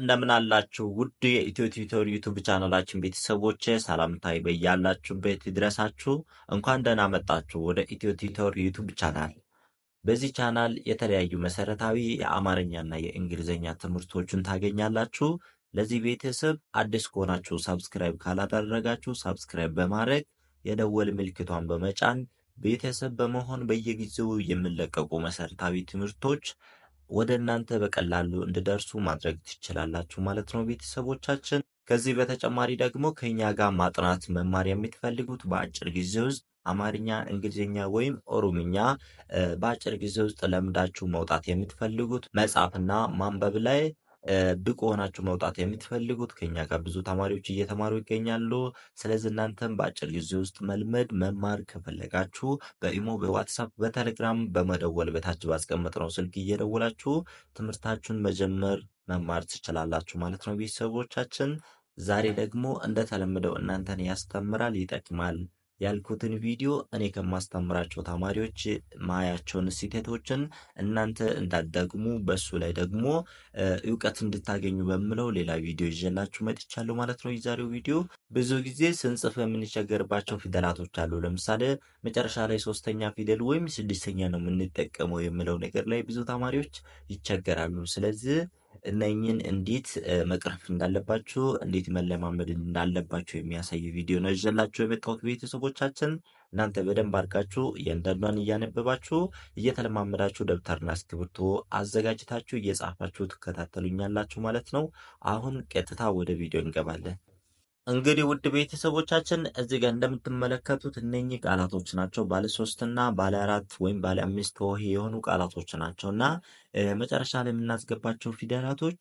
እንደምን አላችሁ? ውድ የኢትዮ ቲዩቶር ዩቱብ ቻናላችን ቤተሰቦች ሰላምታዬ በያላችሁበት ይድረሳችሁ። እንኳን ደህና መጣችሁ ወደ ኢትዮ ቲዩቶር ዩቱብ ቻናል። በዚህ ቻናል የተለያዩ መሰረታዊ የአማርኛና የእንግሊዝኛ ትምህርቶችን ታገኛላችሁ። ለዚህ ቤተሰብ አዲስ ከሆናችሁ ሳብስክራይብ ካላደረጋችሁ ሳብስክራይብ በማድረግ የደወል ምልክቷን በመጫን ቤተሰብ በመሆን በየጊዜው የምንለቀቁ መሰረታዊ ትምህርቶች ወደ እናንተ በቀላሉ እንዲደርሱ ማድረግ ትችላላችሁ ማለት ነው ቤተሰቦቻችን። ከዚህ በተጨማሪ ደግሞ ከኛ ጋር ማጥናት መማር የምትፈልጉት በአጭር ጊዜ ውስጥ አማርኛ፣ እንግሊዝኛ ወይም ኦሮምኛ በአጭር ጊዜ ውስጥ ለምዳችሁ መውጣት የምትፈልጉት መጻፍና ማንበብ ላይ ብቁ ሆናችሁ መውጣት የምትፈልጉት ከኛ ጋር ብዙ ተማሪዎች እየተማሩ ይገኛሉ። ስለዚህ እናንተም በአጭር ጊዜ ውስጥ መልመድ መማር ከፈለጋችሁ በኢሞ፣ በዋትሳፕ፣ በቴሌግራም በመደወል በታች ባስቀመጥነው ስልክ እየደወላችሁ ትምህርታችሁን መጀመር መማር ትችላላችሁ ማለት ነው ቤተሰቦቻችን። ዛሬ ደግሞ እንደተለመደው እናንተን ያስተምራል፣ ይጠቅማል ያልኩትን ቪዲዮ እኔ ከማስተምራቸው ተማሪዎች ማያቸውን ስህተቶችን እናንተ እንዳትደግሙ በሱ ላይ ደግሞ እውቀት እንድታገኙ በምለው ሌላ ቪዲዮ ይዤላችሁ መጥቻለሁ ማለት ነው። የዛሬው ቪዲዮ ብዙ ጊዜ ስንጽፍ የምንቸገርባቸው ፊደላቶች አሉ። ለምሳሌ መጨረሻ ላይ ሶስተኛ ፊደል ወይም ስድስተኛ ነው የምንጠቀመው የምለው ነገር ላይ ብዙ ተማሪዎች ይቸገራሉ። ስለዚህ እነኝን እንዴት መቅረፍ እንዳለባችሁ እንዴት መለማመድ እንዳለባችሁ የሚያሳይ ቪዲዮ ነው ይዤላችሁ የመጣሁት ቤተሰቦቻችን። እናንተ በደንብ አድርጋችሁ እያንዳንዷን እያነበባችሁ እየተለማመዳችሁ ደብተርና እስክሪብቶ አዘጋጅታችሁ እየጻፋችሁ ትከታተሉኛላችሁ ማለት ነው። አሁን ቀጥታ ወደ ቪዲዮ እንገባለን። እንግዲህ ውድ ቤተሰቦቻችን እዚህ ጋር እንደምትመለከቱት እነኚህ ቃላቶች ናቸው። ባለ ሶስት እና ባለ አራት ወይም ባለ አምስት ሆሄ የሆኑ ቃላቶች ናቸው እና መጨረሻ ላይ የምናስገባቸው ፊደላቶች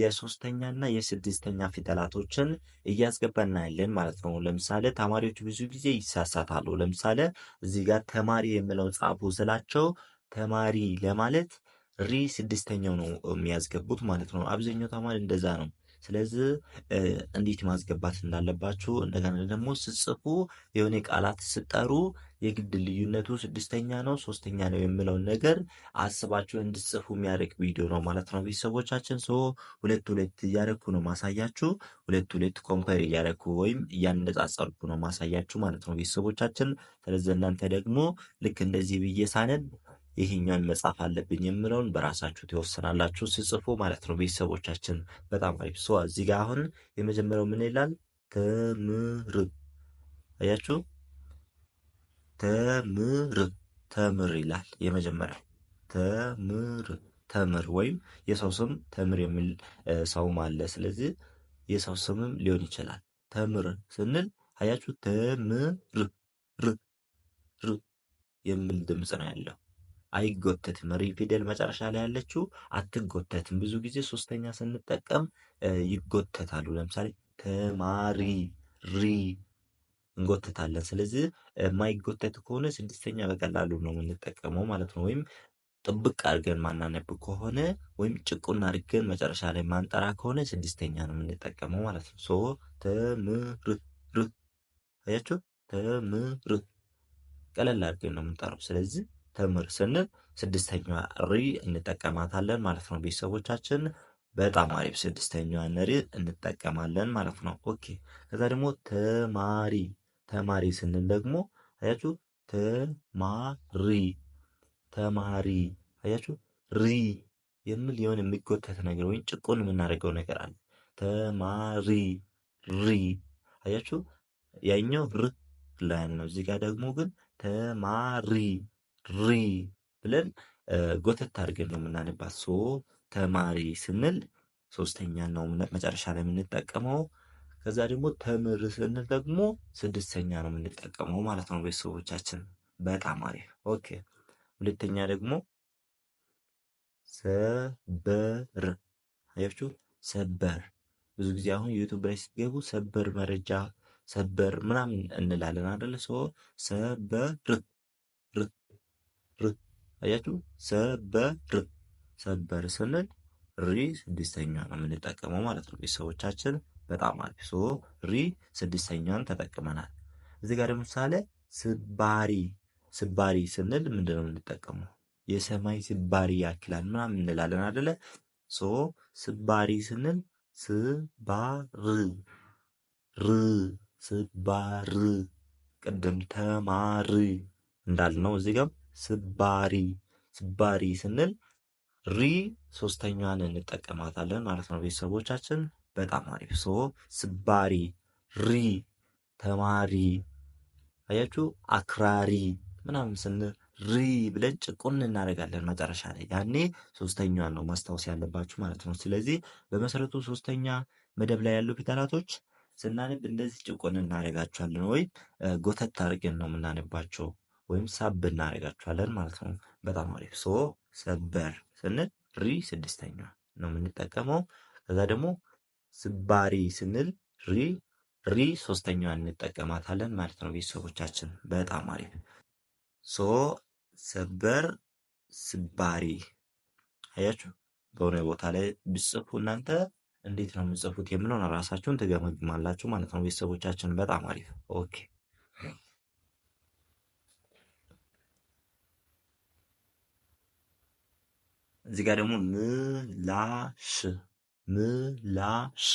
የሶስተኛ እና የስድስተኛ ፊደላቶችን እያስገባ እናያለን ማለት ነው። ለምሳሌ ተማሪዎች ብዙ ጊዜ ይሳሳታሉ። ለምሳሌ እዚህ ጋር ተማሪ የምለው ጻፉ ስላቸው ተማሪ ለማለት ሪ ስድስተኛው ነው የሚያስገቡት ማለት ነው። አብዛኛው ተማሪ እንደዛ ነው። ስለዚህ እንዴት ማስገባት እንዳለባችሁ እንደገና ደግሞ ስጽፉ የሆነ ቃላት ስጠሩ የግድ ልዩነቱ ስድስተኛ ነው ሶስተኛ ነው የምለውን ነገር አስባችሁ እንድጽፉ የሚያደርግ ቪዲዮ ነው ማለት ነው። ቤተሰቦቻችን ሶ ሁለት ሁለት እያደረኩ ነው ማሳያችሁ። ሁለት ሁለት ኮምፐር እያደረኩ ወይም እያነጻጸርኩ ነው ማሳያችሁ ማለት ነው ቤተሰቦቻችን። ስለዚህ እናንተ ደግሞ ልክ እንደዚህ ብዬ ሳነን ይህኛውን መጻፍ አለብኝ የምለውን በራሳችሁ ትወስናላችሁ ሲጽፉ ማለት ነው። ቤተሰቦቻችን በጣም አሪፍ ሰ እዚህ ጋር አሁን የመጀመሪያው ምን ይላል? ተምር አያችሁ፣ ተምር ተምር ይላል የመጀመሪያው ተምር ተምር ወይም የሰው ስም ተምር የሚል ሰውም አለ። ስለዚህ የሰው ስምም ሊሆን ይችላል። ተምር ስንል አያችሁ ተምር ር ር የሚል ድምፅ ነው ያለው። አይጎተትም። ሪ ፊደል መጨረሻ ላይ ያለችው አትጎተትም። ብዙ ጊዜ ሶስተኛ ስንጠቀም ይጎተታሉ። ለምሳሌ ተማሪ ሪ እንጎተታለን። ስለዚህ የማይጎተት ከሆነ ስድስተኛ በቀላሉ ነው የምንጠቀመው ማለት ነው። ወይም ጥብቅ አድርገን ማናነብ ከሆነ ወይም ጭቁን አድርገን መጨረሻ ላይ ማንጠራ ከሆነ ስድስተኛ ነው የምንጠቀመው ማለት ነው። ሶ ተምር ር አያችሁ፣ ተምር ቀለል አድርገን ነው የምንጠራው። ስለዚህ ትምህር ስንል ስድስተኛዋ ሪ እንጠቀማታለን ማለት ነው። ቤተሰቦቻችን በጣም አሪፍ ስድስተኛዋን ሪ እንጠቀማለን ማለት ነው። ኦኬ ከዛ ደግሞ ተማሪ ተማሪ ስንል ደግሞ አያችሁ ተማሪ ተማሪ አያችሁ ሪ የሚል የሆነ የሚጎተት ነገር ወይም ጭቁን የምናደርገው ነገር አለ። ተማሪ ሪ አያችሁ ያኛው ር ላይን ነው። እዚህ ጋር ደግሞ ግን ተማሪ ሪ ብለን ጎተት አድርገን ነው የምናነባት። ሶ ተማሪ ስንል ሶስተኛ ነው መጨረሻ ላይ የምንጠቀመው። ከዛ ደግሞ ተምር ስንል ደግሞ ስድስተኛ ነው የምንጠቀመው ማለት ነው ቤተሰቦቻችን። በጣም አሪፍ ኦኬ። ሁለተኛ ደግሞ ሰበር አያችሁ፣ ሰበር ብዙ ጊዜ አሁን ዩቱብ ላይ ስትገቡ ሰበር መረጃ ሰበር ምናምን እንላለን አደለ? ሰበር አያችሁ፣ ሰበር ሰበር ስንል ሪ ስድስተኛ ነው የምንጠቀመው ማለት ነው። ቤተሰቦቻችን በጣም አሪፍ ሶ ሪ ስድስተኛን ተጠቅመናል። እዚህ ጋር ለምሳሌ ስባሪ ስባሪ ስንል ምንድን ነው የምንጠቀመው? የሰማይ ስባሪ ያክላል ምናምን እንላለን አደለ? ሶ ስባሪ ስንል ስባር ር ስባር ቅድም ተማሪ እንዳልነው እዚህ ጋር ስባሪ ስባሪ ስንል ሪ ሶስተኛዋን እንጠቀማታለን ማለት ነው። ቤተሰቦቻችን በጣም አሪፍ ሶ ስባሪ፣ ሪ፣ ተማሪ አያችሁ፣ አክራሪ ምናምን ስንል ሪ ብለን ጭቁን እናደርጋለን መጨረሻ ላይ። ያኔ ሶስተኛዋን ነው ማስታወስ ያለባችሁ ማለት ነው። ስለዚህ በመሰረቱ ሶስተኛ መደብ ላይ ያሉ ፊደላቶች ስናነብ እንደዚህ ጭቁን እናደርጋቸዋለን፣ ወይም ጎተት አድርገን ነው የምናነባቸው። ወይም ሳብ እናደርጋቸዋለን ማለት ነው። በጣም አሪፍ ሶ ሰበር ስንል ሪ ስድስተኛ ነው የምንጠቀመው። ከዛ ደግሞ ስባሪ ስንል ሪ ሪ ሶስተኛ እንጠቀማታለን ማለት ነው። ቤተሰቦቻችን በጣም አሪፍ ሶ ሰበር ስባሪ አያችሁ። በሆነ ቦታ ላይ ብጽፉ እናንተ እንዴት ነው የምጽፉት የምለውን ራሳችሁን ትገመግማላችሁ ማለት ነው። ቤተሰቦቻችን በጣም አሪፍ ኦኬ እዚህ ጋር ደግሞ ምላሽ ምላሽ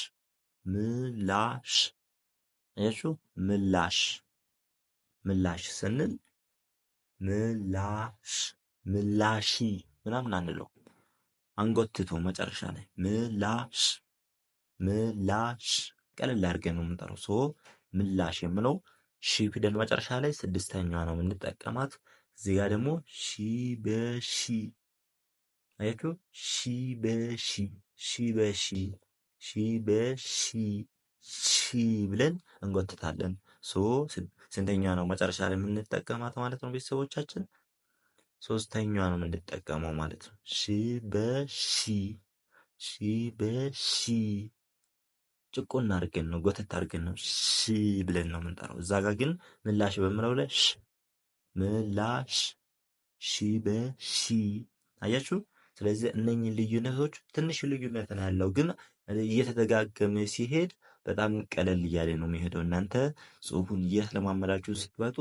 ምላሽ ያችሁ ምላሽ ምላሽ ስንል ምላሽ ምላሺ ምናምን አንለው፣ አንጎትቶ መጨረሻ ላይ ምላሽ ምላሽ ቀለል አድርገን ነው የምንጠራው። ሶ ምላሽ የምለው ሺ ፊደል መጨረሻ ላይ ስድስተኛዋ ነው የምንጠቀማት። እዚህ ጋር ደግሞ ሺ በሺ አያችሁ ሺ በሺ ሺ በሺ ሺ በሺ ሺ ብለን እንጎትታለን። ሶ ስንተኛ ነው መጨረሻ ላይ የምንጠቀማት ማለት ነው? ቤተሰቦቻችን ሶስተኛ ነው የምንጠቀመው ማለት ነው። ሺ በሺ ሺ በሺ ጭቆና አድርገን ነው ጎተት አድርገን ነው ሺ ብለን ነው የምንጠራው። እዛ ጋ ግን ምላሽ በምለው ላይ ምላሽ ሺ በሺ አያችሁ ስለዚህ እነኝህ ልዩነቶች ትንሽ ልዩነት ያለው ግን እየተደጋገመ ሲሄድ በጣም ቀለል እያለ ነው የሚሄደው። እናንተ ጽሁፉን እየተለማመዳችሁ ስትመጡ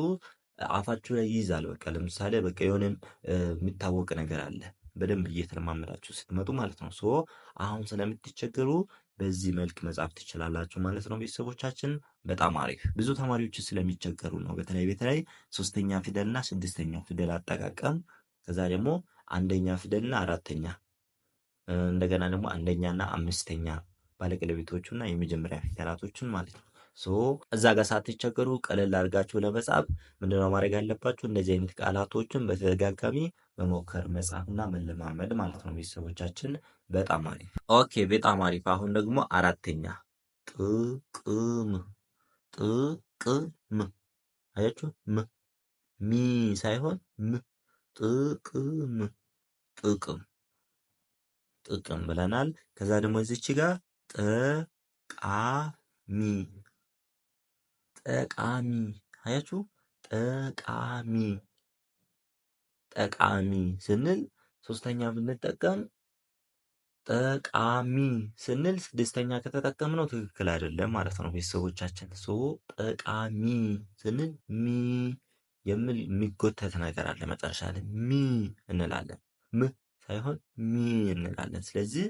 አፋችሁ ላይ ይይዛል። በቃ ለምሳሌ በቃ የሆነ የሚታወቅ ነገር አለ በደንብ እየተለማመዳችሁ ስትመጡ ማለት ነው። ሶ አሁን ስለምትቸገሩ በዚህ መልክ መጻፍ ትችላላችሁ ማለት ነው። ቤተሰቦቻችን በጣም አሪፍ። ብዙ ተማሪዎች ስለሚቸገሩ ነው። በተለይ በተለይ ሶስተኛ ፊደልና ስድስተኛው ፊደል አጠቃቀም ከዛ ደግሞ አንደኛ ፊደልና አራተኛ እንደገና ደግሞ አንደኛና አምስተኛ ባለቀለቤቶቹ እና የመጀመሪያ ፊደላቶችን ማለት ነው። ሶ እዛ ጋር ሳትቸገሩ ቀለል አድርጋችሁ ለመጻፍ ምንድነው ማድረግ ያለባችሁ? እንደዚህ አይነት ቃላቶችን በተደጋጋሚ መሞከር መጻፍና መለማመድ ማለት ነው። ቤተሰቦቻችን በጣም አሪፍ። ኦኬ፣ በጣም አሪፍ። አሁን ደግሞ አራተኛ ጥቅም፣ ጥቅም አያችሁ፣ ሚ ሳይሆን ም ጥቅም ጥቅም ጥቅም ብለናል። ከዛ ደግሞ እዚች ጋር ጠቃሚ ጠቃሚ አያችሁ፣ ጠቃሚ ጠቃሚ ስንል ሶስተኛ ብንጠቀም ጠቃሚ ስንል ስድስተኛ ከተጠቀምነው ትክክል አይደለም ማለት ነው። ቤተሰቦቻችን ሶ ጠቃሚ ስንል ሚ የሚል የሚጎተት ነገር አለ። መጨረሻ ላይ ሚ እንላለን። ም ሳይሆን ሚ እንላለን። ስለዚህ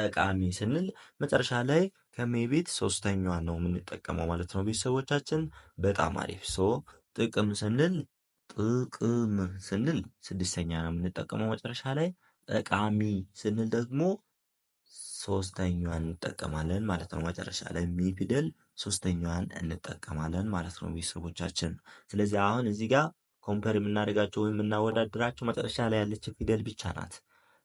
ጠቃሚ ስንል መጨረሻ ላይ ከሜ ቤት ሶስተኛዋ ነው የምንጠቀመው ማለት ነው። ቤተሰቦቻችን በጣም አሪፍ። ሶ ጥቅም ስንል ጥቅም ስንል ስድስተኛ ነው የምንጠቀመው መጨረሻ ላይ። ጠቃሚ ስንል ደግሞ ሶስተኛዋን እንጠቀማለን ማለት ነው መጨረሻ ላይ ሚ ፊደል ሶስተኛዋን እንጠቀማለን ማለት ነው ቤተሰቦቻችን። ስለዚህ አሁን እዚህ ጋር ኮምፐር የምናደርጋቸው ወይም የምናወዳድራቸው መጨረሻ ላይ ያለችው ፊደል ብቻ ናት።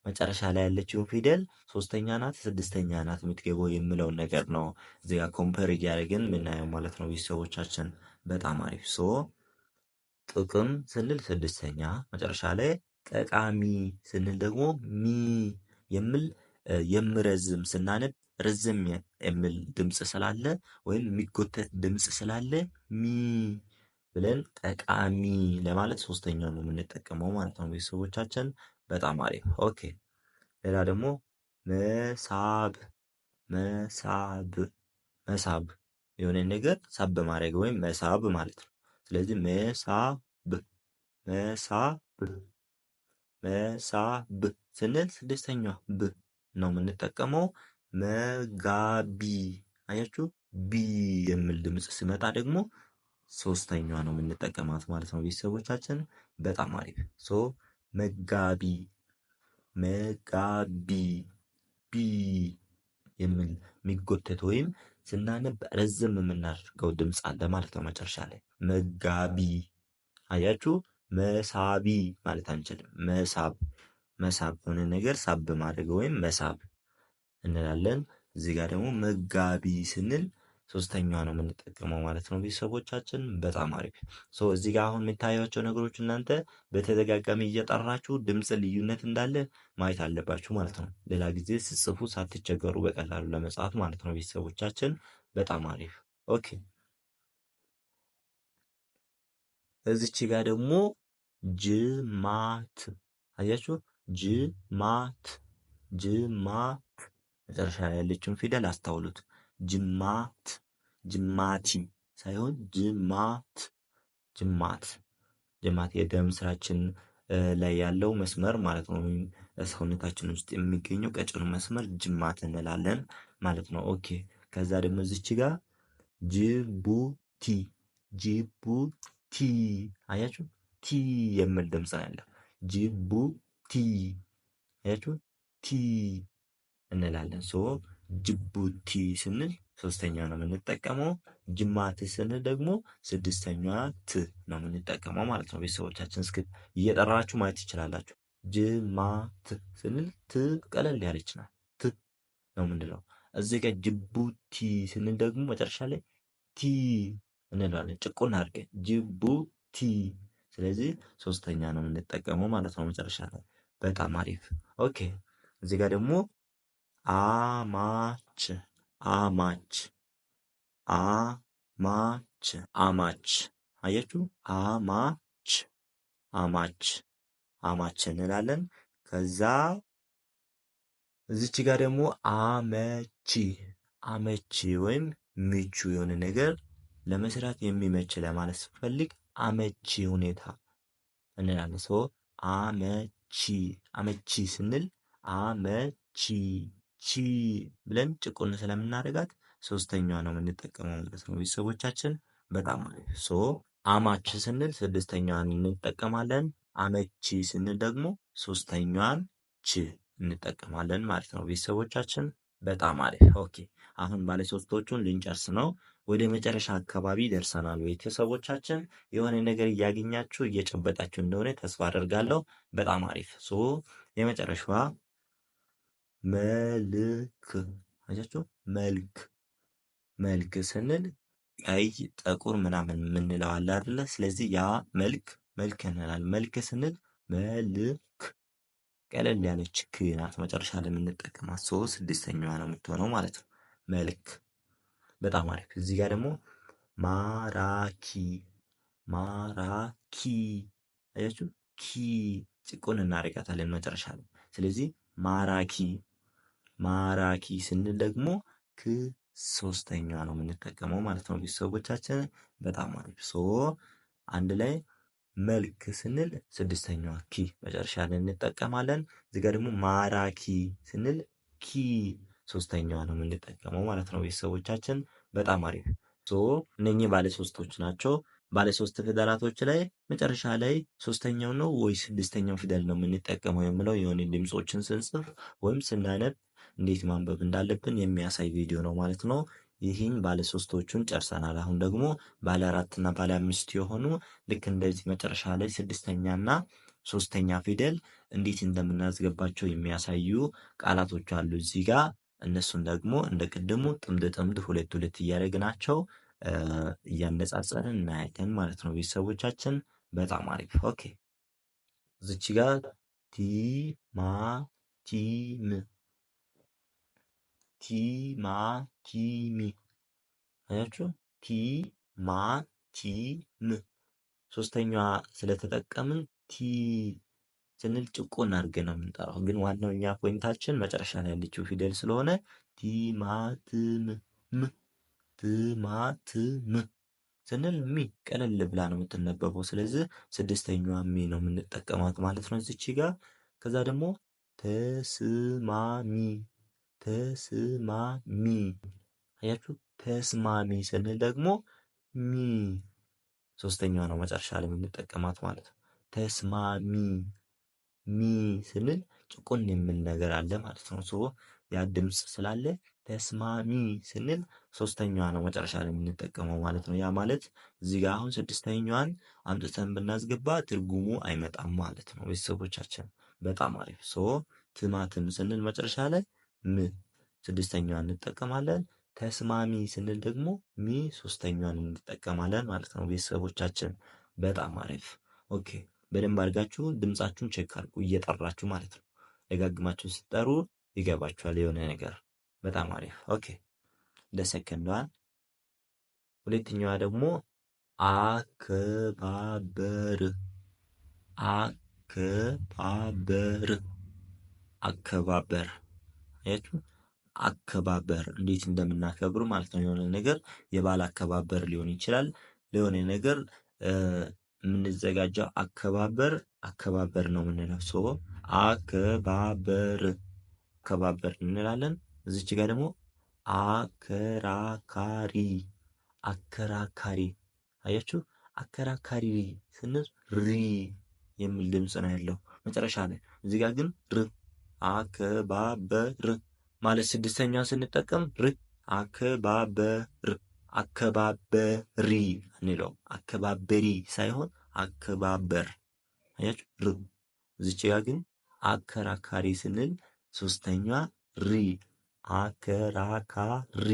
መጨረሻ ላይ ያለችው ፊደል ሶስተኛ ናት፣ ስድስተኛ ናት የምትገባው የምለውን ነገር ነው እዚህ ጋር ኮምፐር እያደረግን የምናየው ማለት ነው ቤተሰቦቻችን። በጣም አሪፍ ሶ ጥቅም ስንል ስድስተኛ መጨረሻ ላይ ጠቃሚ ስንል ደግሞ ሚ የምል የምረዝም ስናነብ ረዘም የሚል ድምፅ ስላለ ወይም የሚጎተት ድምፅ ስላለ ሚ ብለን ጠቃሚ ለማለት ሶስተኛው ነው የምንጠቀመው ማለት ነው። ቤተሰቦቻችን በጣም አሪፍ ኦኬ። ሌላ ደግሞ መሳብ መሳብ መሳብ የሆነ ነገር ሳብ በማድረግ ወይም መሳብ ማለት ነው። ስለዚህ መሳብ መሳብ መሳብ ስንል ስድስተኛው ብ ነው የምንጠቀመው። መጋቢ አያችሁ ቢ የሚል ድምፅ ሲመጣ ደግሞ ሶስተኛዋ ነው የምንጠቀማት ማለት ነው ቤተሰቦቻችን። በጣም አሪፍ ሶ መጋቢ መጋቢ ቢ የሚል የሚጎተት ወይም ስናነብ ረዘም የምናደርገው ድምፅ አለ ማለት ነው መጨረሻ ላይ መጋቢ። አያችሁ መሳቢ ማለት አንችልም። መሳብ መሳብ የሆነ ነገር ሳብ ማድረግ ወይም መሳብ እንላለን። እዚህ ጋር ደግሞ መጋቢ ስንል ሶስተኛዋ ነው የምንጠቀመው ማለት ነው። ቤተሰቦቻችን በጣም አሪፍ። እዚህ ጋር አሁን የምታያቸው ነገሮች እናንተ በተደጋጋሚ እየጠራችሁ ድምፅ ልዩነት እንዳለ ማየት አለባችሁ ማለት ነው። ሌላ ጊዜ ስጽፉ ሳትቸገሩ በቀላሉ ለመጻፍ ማለት ነው። ቤተሰቦቻችን በጣም አሪፍ። ኦኬ እዚች ጋር ደግሞ ጅማት አያችሁ፣ ጅማት ጅማት መጨረሻ ያለችውን ፊደል አስታውሉት። ጅማት ጅማቲ ሳይሆን ጅማት ጅማት ጅማት የደም ስራችን ላይ ያለው መስመር ማለት ነው። ሰውነታችን ውስጥ የሚገኘው ቀጭኑ መስመር ጅማት እንላለን ማለት ነው። ኦኬ ከዛ ደግሞ እዚች ጋር ጅቡቲ ጅቡቲ አያችሁ፣ ቲ የሚል ድምፅ ነው ያለው። ጅቡቲ አያችሁ ቲ እንላለን። ሶ ጅቡቲ ስንል ሶስተኛ ነው የምንጠቀመው። ጅማት ስንል ደግሞ ስድስተኛ ት ነው የምንጠቀመው ማለት ነው። ቤተሰቦቻችን እስክ እየጠራችሁ ማየት ትችላላችሁ። ጅማት ስንል ት ቀለል ያለች ናት፣ ት ነው የምንለው። እዚህ ጋር ጅቡቲ ስንል ደግሞ መጨረሻ ላይ ቲ እንለዋለን ጭቁን አድርገን ጅቡቲ። ስለዚህ ሶስተኛ ነው የምንጠቀመው ማለት ነው መጨረሻ ላይ። በጣም አሪፍ ኦኬ። እዚህ ጋር ደግሞ አማች አማች አማች አማች አያችሁ አማች አማች አማች እንላለን። ከዛ እዚች ጋር ደግሞ አመቺ አመቺ ወይም ምቹ የሆነ ነገር ለመስራት የሚመች ለማለት ስፈልግ አመቺ ሁኔታ እንላለን። ሰው አመቺ አመቺ ስንል አመቺ ቺ ብለን ጭቁን ስለምናደርጋት ሶስተኛዋ ነው የምንጠቀመው ማለት ነው። ቤተሰቦቻችን በጣም ሶ አማች ስንል ስድስተኛዋን እንጠቀማለን። አመቺ ስንል ደግሞ ሶስተኛዋን ች እንጠቀማለን ማለት ነው። ቤተሰቦቻችን በጣም አሪፍ። ኦኬ አሁን ባለ ሶስቶቹን ልንጨርስ ነው። ወደ መጨረሻ አካባቢ ደርሰናል። ቤተሰቦቻችን የሆነ ነገር እያገኛችሁ እየጨበጣችሁ እንደሆነ ተስፋ አደርጋለሁ። በጣም አሪፍ። ሶ የመጨረሻዋ መልክ አያቸው መልክ መልክ ስንል ቀይ ጠቁር ምናምን የምንለው አለ አይደለ? ስለዚህ ያ መልክ መልክ እንላል። መልክ ስንል መልክ ቀለል ያለች ክናት መጨረሻ ላይ የምንጠቀማት ሶስት ስድስተኛዋ ነው የምትሆነው ማለት ነው። መልክ በጣም አሪፍ። እዚህ ጋር ደግሞ ማራኪ ማራኪ አያችሁ ኪ ጭቁን እናደርጋታለን መጨረሻ ላይ። ስለዚህ ማራኪ ማራኪ ስንል ደግሞ ክ ሶስተኛ ነው የምንጠቀመው ማለት ነው። ቤተሰቦቻችን በጣም አሪፍ ሶ አንድ ላይ መልክ ስንል ስድስተኛዋ ኪ መጨረሻ ላይ እንጠቀማለን። እዚህ ጋር ደግሞ ማራኪ ስንል ኪ ሶስተኛዋ ነው የምንጠቀመው ማለት ነው። ቤተሰቦቻችን በጣም አሪፍ ሶ እነኚህ ባለ ሶስቶች ናቸው። ባለ ሶስት ፊደላቶች ላይ መጨረሻ ላይ ሶስተኛው ነው ወይ ስድስተኛው ፊደል ነው የምንጠቀመው የምለው የሆነ ድምፆችን ስንጽፍ ወይም ስናነብ እንዴት ማንበብ እንዳለብን የሚያሳይ ቪዲዮ ነው ማለት ነው። ይህን ባለ ሶስቶቹን ጨርሰናል። አሁን ደግሞ ባለ አራትና ባለ አምስት የሆኑ ልክ እንደዚህ መጨረሻ ላይ ስድስተኛና ሶስተኛ ፊደል እንዴት እንደምናስገባቸው የሚያሳዩ ቃላቶች አሉ እዚህ ጋር። እነሱን ደግሞ እንደ ቅድሙ ጥምድ ጥምድ ሁለት ሁለት እያደረግናቸው እያነጻጸርን እናያለን ማለት ነው። ቤተሰቦቻችን በጣም አሪፍ ኦኬ። እዚች ጋር ቲማቲም ቲማቲም አያችሁ፣ ቲማቲም ሶስተኛዋ ስለተጠቀምን ቲ ስንል ጭቁን አድርገን ነው የምንጠራው። ግን ዋናው እኛ ፖይንታችን መጨረሻ ላይ ያለችው ፊደል ስለሆነ ቲማትም ም ትማትም ስንል ሚ ቀለል ብላ ነው የምትነበበው። ስለዚህ ስድስተኛዋ ሚ ነው የምንጠቀማት ማለት ነው እዚች ጋር። ከዛ ደግሞ ተስማሚ ተስማሚ አያችሁ፣ ተስማሚ ስንል ደግሞ ሚ ሶስተኛዋ ነው መጨረሻ ላይ የምንጠቀማት ማለት ነው። ተስማሚ ሚ ስንል ጭቁን የምን ነገር አለ ማለት ነው። ሶ ያ ድምፅ ስላለ ተስማሚ ስንል ሶስተኛዋ ነው መጨረሻ ላይ የምንጠቀመው ማለት ነው። ያ ማለት እዚህ ጋር አሁን ስድስተኛዋን አምጥተን ብናስገባ ትርጉሙ አይመጣም ማለት ነው። ቤተሰቦቻችን በጣም አሪፍ ሶ ትማትም ስንል መጨረሻ ላይ ም ስድስተኛዋን እንጠቀማለን። ተስማሚ ስንል ደግሞ ሚ ሶስተኛዋን እንጠቀማለን ማለት ነው። ቤተሰቦቻችን በጣም አሪፍ። ኦኬ በደንብ አድርጋችሁ ድምፃችሁን ቼክ አድርጉ እየጠራችሁ ማለት ነው። ደጋግማችሁን ስትጠሩ ይገባችኋል የሆነ ነገር። በጣም አሪፍ። ኦኬ እንደ ሁለተኛዋ ደግሞ አከባበር አከባበር አከባበር አያችሁ አከባበር እንዴት እንደምናከብሩ ማለት ነው። የሆነ ነገር የባል አከባበር ሊሆን ይችላል። ለሆነ ነገር የምንዘጋጀው አከባበር አከባበር ነው የምንለው። ሶ አከባበር አከባበር እንላለን። እዚች ጋር ደግሞ አከራካሪ አከራካሪ አያችሁ፣ አከራካሪ ስንል ሪ የሚል ድምፅ ነው ያለው መጨረሻ ላይ። እዚህ ጋር ግን ር አከባበር ማለት ስድስተኛ ስንጠቀም ር አከባበር አከባበሪ እንለው አከባበሪ ሳይሆን አከባበር አያችሁ ር እዚች ጋ ግን አከራካሪ ስንል ሶስተኛ ሪ አከራካሪ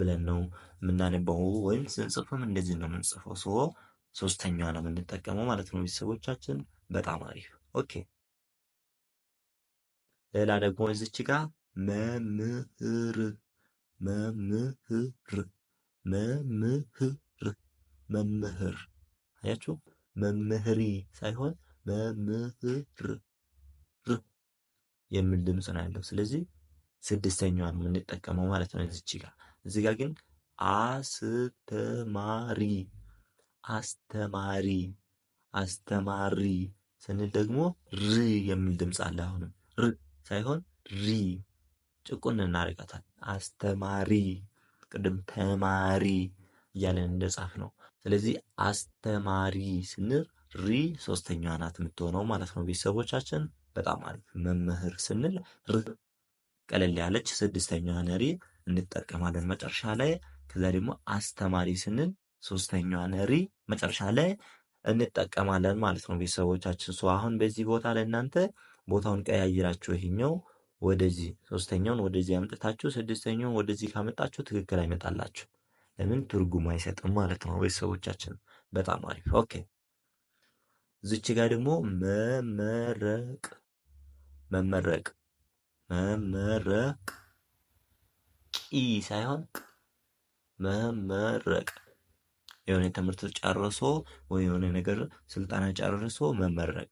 ብለን ነው የምናነበው ወይም ስንጽፍም እንደዚህ ነው የምንጽፈው ሶ ሶስተኛዋ ነው የምንጠቀመው ማለት ነው ቤተሰቦቻችን በጣም አሪፍ ኦኬ ሌላ ደግሞ እዚች ጋ መምህር መምህር መምህር መምህር አያችሁ፣ መምህሪ ሳይሆን መምህር የሚል ድምፅ ነው ያለው። ስለዚህ ስድስተኛዋን የምንጠቀመው ማለት ነው እዚች ጋ እዚ ጋ ግን አስተማሪ አስተማሪ አስተማሪ ስንል ደግሞ ር የሚል ድምፅ አለ አሁንም ሳይሆን ሪ ጭቁን እናደርጋታል። አስተማሪ ቅድም ተማሪ እያለን እንደጻፍ ነው። ስለዚህ አስተማሪ ስንል ሪ ሶስተኛ ናት የምትሆነው ማለት ነው። ቤተሰቦቻችን በጣም አሪፍ። መምህር ስንል ር ቀለል ያለች ስድስተኛ ነሪ እንጠቀማለን መጨረሻ ላይ። ከዛ ደግሞ አስተማሪ ስንል ሶስተኛ ነሪ መጨረሻ ላይ እንጠቀማለን ማለት ነው ቤተሰቦቻችን። አሁን በዚህ ቦታ ላይ እናንተ ቦታውን ቀያይራችሁ ይሄኛው ወደዚህ ሶስተኛውን ወደዚህ አምጥታችሁ ስድስተኛውን ወደዚህ ካመጣችሁ ትክክል አይመጣላችሁ። ለምን ትርጉም አይሰጥም ማለት ነው። ቤተሰቦቻችን በጣም አሪፍ ኦኬ። እዚች ጋር ደግሞ መመረቅ መመረቅ መመረቅ ቂ ሳይሆን መመረቅ የሆነ ትምህርት ጨርሶ ወይ የሆነ ነገር ስልጠና ጨርሶ መመረቅ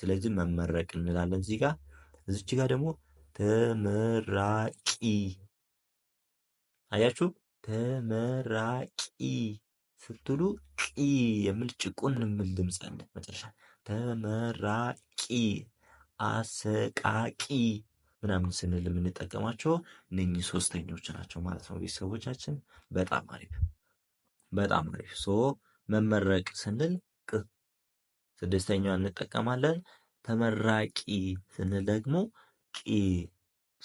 ስለዚህ መመረቅ እንላለን። እዚህ ጋ እዚች ጋ ደግሞ ተመራቂ አያችሁ፣ ተመራቂ ስትሉ ቂ የሚል ጭቁን የሚል ድምፅ አለ መጨረሻ። ተመራቂ አሰቃቂ ምናምን ስንል የምንጠቀማቸው እነኚህ ሶስተኞች ናቸው ማለት ነው። ቤተሰቦቻችን በጣም አሪፍ በጣም አሪፍ ሶ መመረቅ ስንል ስድስተኛዋን እንጠቀማለን። ተመራቂ ስንል ደግሞ ቂ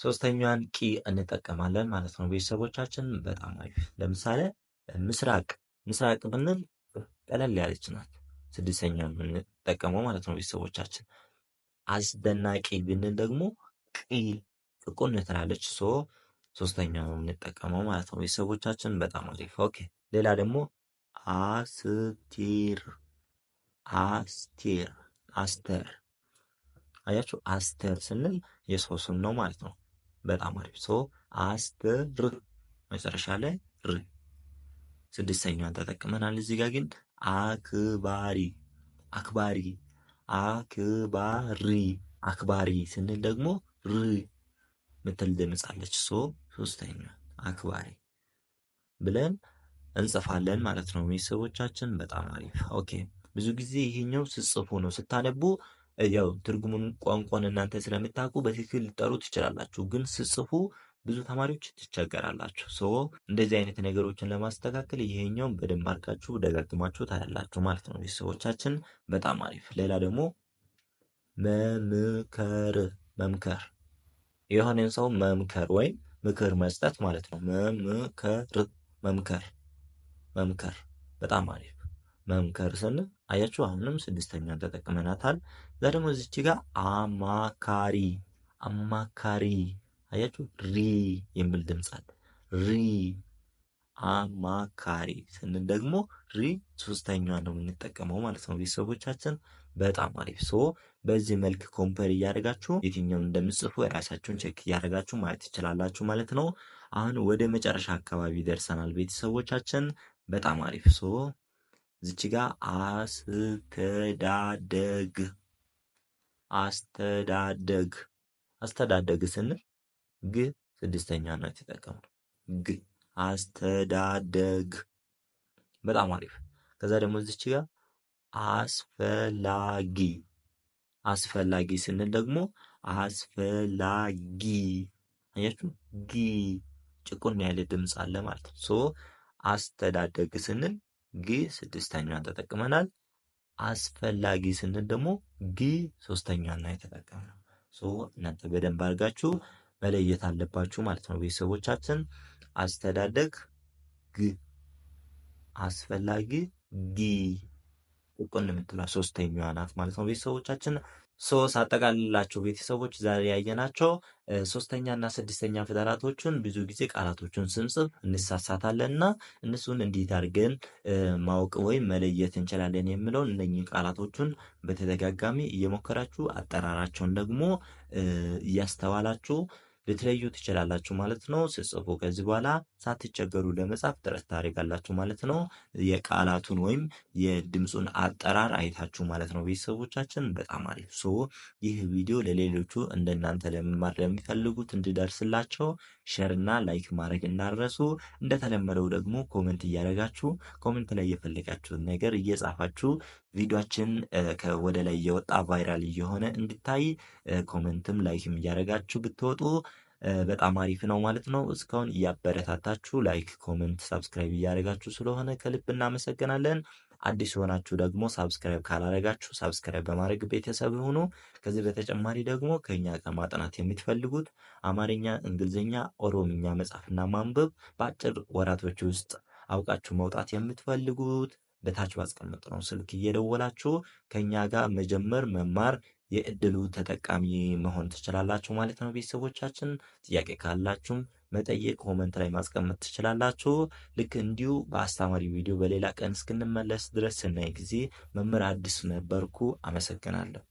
ሶስተኛዋን ቂ እንጠቀማለን ማለት ነው። ቤተሰቦቻችን በጣም አሪፍ። ለምሳሌ ምስራቅ ምስራቅ ብንል ቀለል ያለች ናት። ስድስተኛዋን የምንጠቀመው ማለት ነው። ቤተሰቦቻችን አስደናቂ ብንል ደግሞ ቂ ጥቁን ትላለች። ሶ ሶስተኛውን የምንጠቀመው ማለት ነው። ቤተሰቦቻችን በጣም አሪፍ። ኦኬ ሌላ ደግሞ አስቲር አስቴር አስተር አያችሁ፣ አስተር ስንል የሰው ስም ነው ማለት ነው። በጣም አሪፍ ሰው አስተር መጨረሻ ላይ ር ስድስተኛዋን ተጠቅመናል። እዚህ ጋር ግን አክባሪ አክባሪ አክባሪ አክባሪ ስንል ደግሞ ር ምትል ድምፅ አለች። ሶ ሶስተኛ አክባሪ ብለን እንጽፋለን ማለት ነው። ቤተሰቦቻችን በጣም አሪፍ ኦኬ። ብዙ ጊዜ ይሄኛው ስጽፉ ነው። ስታነቡ ያው ትርጉሙን ቋንቋን እናንተ ስለምታውቁ በትክክል ልጠሩ ትችላላችሁ፣ ግን ስጽፉ ብዙ ተማሪዎች ትቸገራላችሁ። ሰው እንደዚህ አይነት ነገሮችን ለማስተካከል ይሄኛውን በደንብ አድርጋችሁ ደጋግማችሁ ታያላችሁ ማለት ነው። ቤተሰቦቻችን በጣም አሪፍ። ሌላ ደግሞ መምከር መምከር የሆነን ሰው መምከር ወይም ምክር መስጠት ማለት ነው። መምከር መምከር መምከር በጣም አሪፍ። መምከር ስንል አያችሁ አሁንም ስድስተኛን ተጠቅመናታል። እዛ ደግሞ እዚች ጋር አማካሪ አማካሪ አያችሁ ሪ የሚል ድምፅ አለ። ሪ አማካሪ ስንል ደግሞ ሪ ሶስተኛዋን ነው የምንጠቀመው ማለት ነው። ቤተሰቦቻችን በጣም አሪፍ ሶ በዚህ መልክ ኮምፐር እያደረጋችሁ የትኛውን እንደምጽፉ የራሳችሁን ቼክ እያደረጋችሁ ማለት ትችላላችሁ ማለት ነው። አሁን ወደ መጨረሻ አካባቢ ደርሰናል ቤተሰቦቻችን። በጣም አሪፍ ሶ እዚች ጋ አስተዳደግ አስተዳደግ አስተዳደግ ስንል ግ ስድስተኛ ነው የተጠቀምነው ግ አስተዳደግ። በጣም አሪፍ። ከዛ ደግሞ እዚች ጋ አስፈላጊ አስፈላጊ ስንል ደግሞ አስፈላጊ አያችሁ፣ ጊ ጭቁን ያለ ድምፅ አለ ማለት ነው። ሶ አስተዳደግ ስንል ግ ስድስተኛን ተጠቅመናል። አስፈላጊ ስንል ደግሞ ግ ሶስተኛና የተጠቀምነው እናንተ በደንብ አድርጋችሁ መለየት አለባችሁ ማለት ነው። ቤተሰቦቻችን አስተዳደግ ግ፣ አስፈላጊ ጊ፣ ቁቁን የምትሏ ሶስተኛዋ ናት ማለት ነው ቤተሰቦቻችን። ሶስት አጠቃልላችሁ ቤተሰቦች ዛሬ ያየናቸው ሶስተኛ እና ስድስተኛ ፊደላቶችን ብዙ ጊዜ ቃላቶችን ስንጽፍ እንሳሳታለን እና እነሱን እንዴት አድርገን ማወቅ ወይም መለየት እንችላለን የሚለውን እነኝህ ቃላቶችን በተደጋጋሚ እየሞከራችሁ አጠራራቸውን ደግሞ እያስተዋላችሁ ልትለዩ ትችላላችሁ ማለት ነው። ስጽፉ ከዚህ በኋላ ሳትቸገሩ ለመጻፍ ጥረት ታደርጋላችሁ ማለት ነው። የቃላቱን ወይም የድምፁን አጠራር አይታችሁ ማለት ነው። ቤተሰቦቻችን በጣም አሪፍ። ሶ ይህ ቪዲዮ ለሌሎቹ እንደናንተ ለመማር ለሚፈልጉት እንዲደርስላቸው ሸርና ላይክ ማድረግ እንዳረሱ። እንደተለመደው ደግሞ ኮመንት እያደረጋችሁ ኮመንት ላይ የፈለጋችሁን ነገር እየጻፋችሁ ቪዲዮችን ወደ ላይ የወጣ ቫይራል እየሆነ እንድታይ ኮመንትም ላይክም እያደረጋችሁ ብትወጡ በጣም አሪፍ ነው ማለት ነው። እስካሁን እያበረታታችሁ ላይክ፣ ኮመንት፣ ሳብስክራይብ እያደረጋችሁ ስለሆነ ከልብ እናመሰግናለን። አዲስ የሆናችሁ ደግሞ ሳብስክራይብ ካላደረጋችሁ ሳብስክራይብ በማድረግ ቤተሰብ ሆኑ። ከዚህ በተጨማሪ ደግሞ ከኛ ጋር ማጥናት የምትፈልጉት አማርኛ፣ እንግሊዝኛ፣ ኦሮምኛ መጻፍና ማንበብ በአጭር ወራቶች ውስጥ አውቃችሁ መውጣት የምትፈልጉት በታች ባስቀመጥነው ስልክ እየደወላችሁ ከኛ ጋር መጀመር መማር የእድሉ ተጠቃሚ መሆን ትችላላችሁ ማለት ነው። ቤተሰቦቻችን ጥያቄ ካላችሁም መጠየቅ ኮመንት ላይ ማስቀመጥ ትችላላችሁ። ልክ እንዲሁ በአስተማሪ ቪዲዮ በሌላ ቀን እስክንመለስ ድረስ ስናይ ጊዜ መምህር አዲሱ ነበርኩ። አመሰግናለሁ።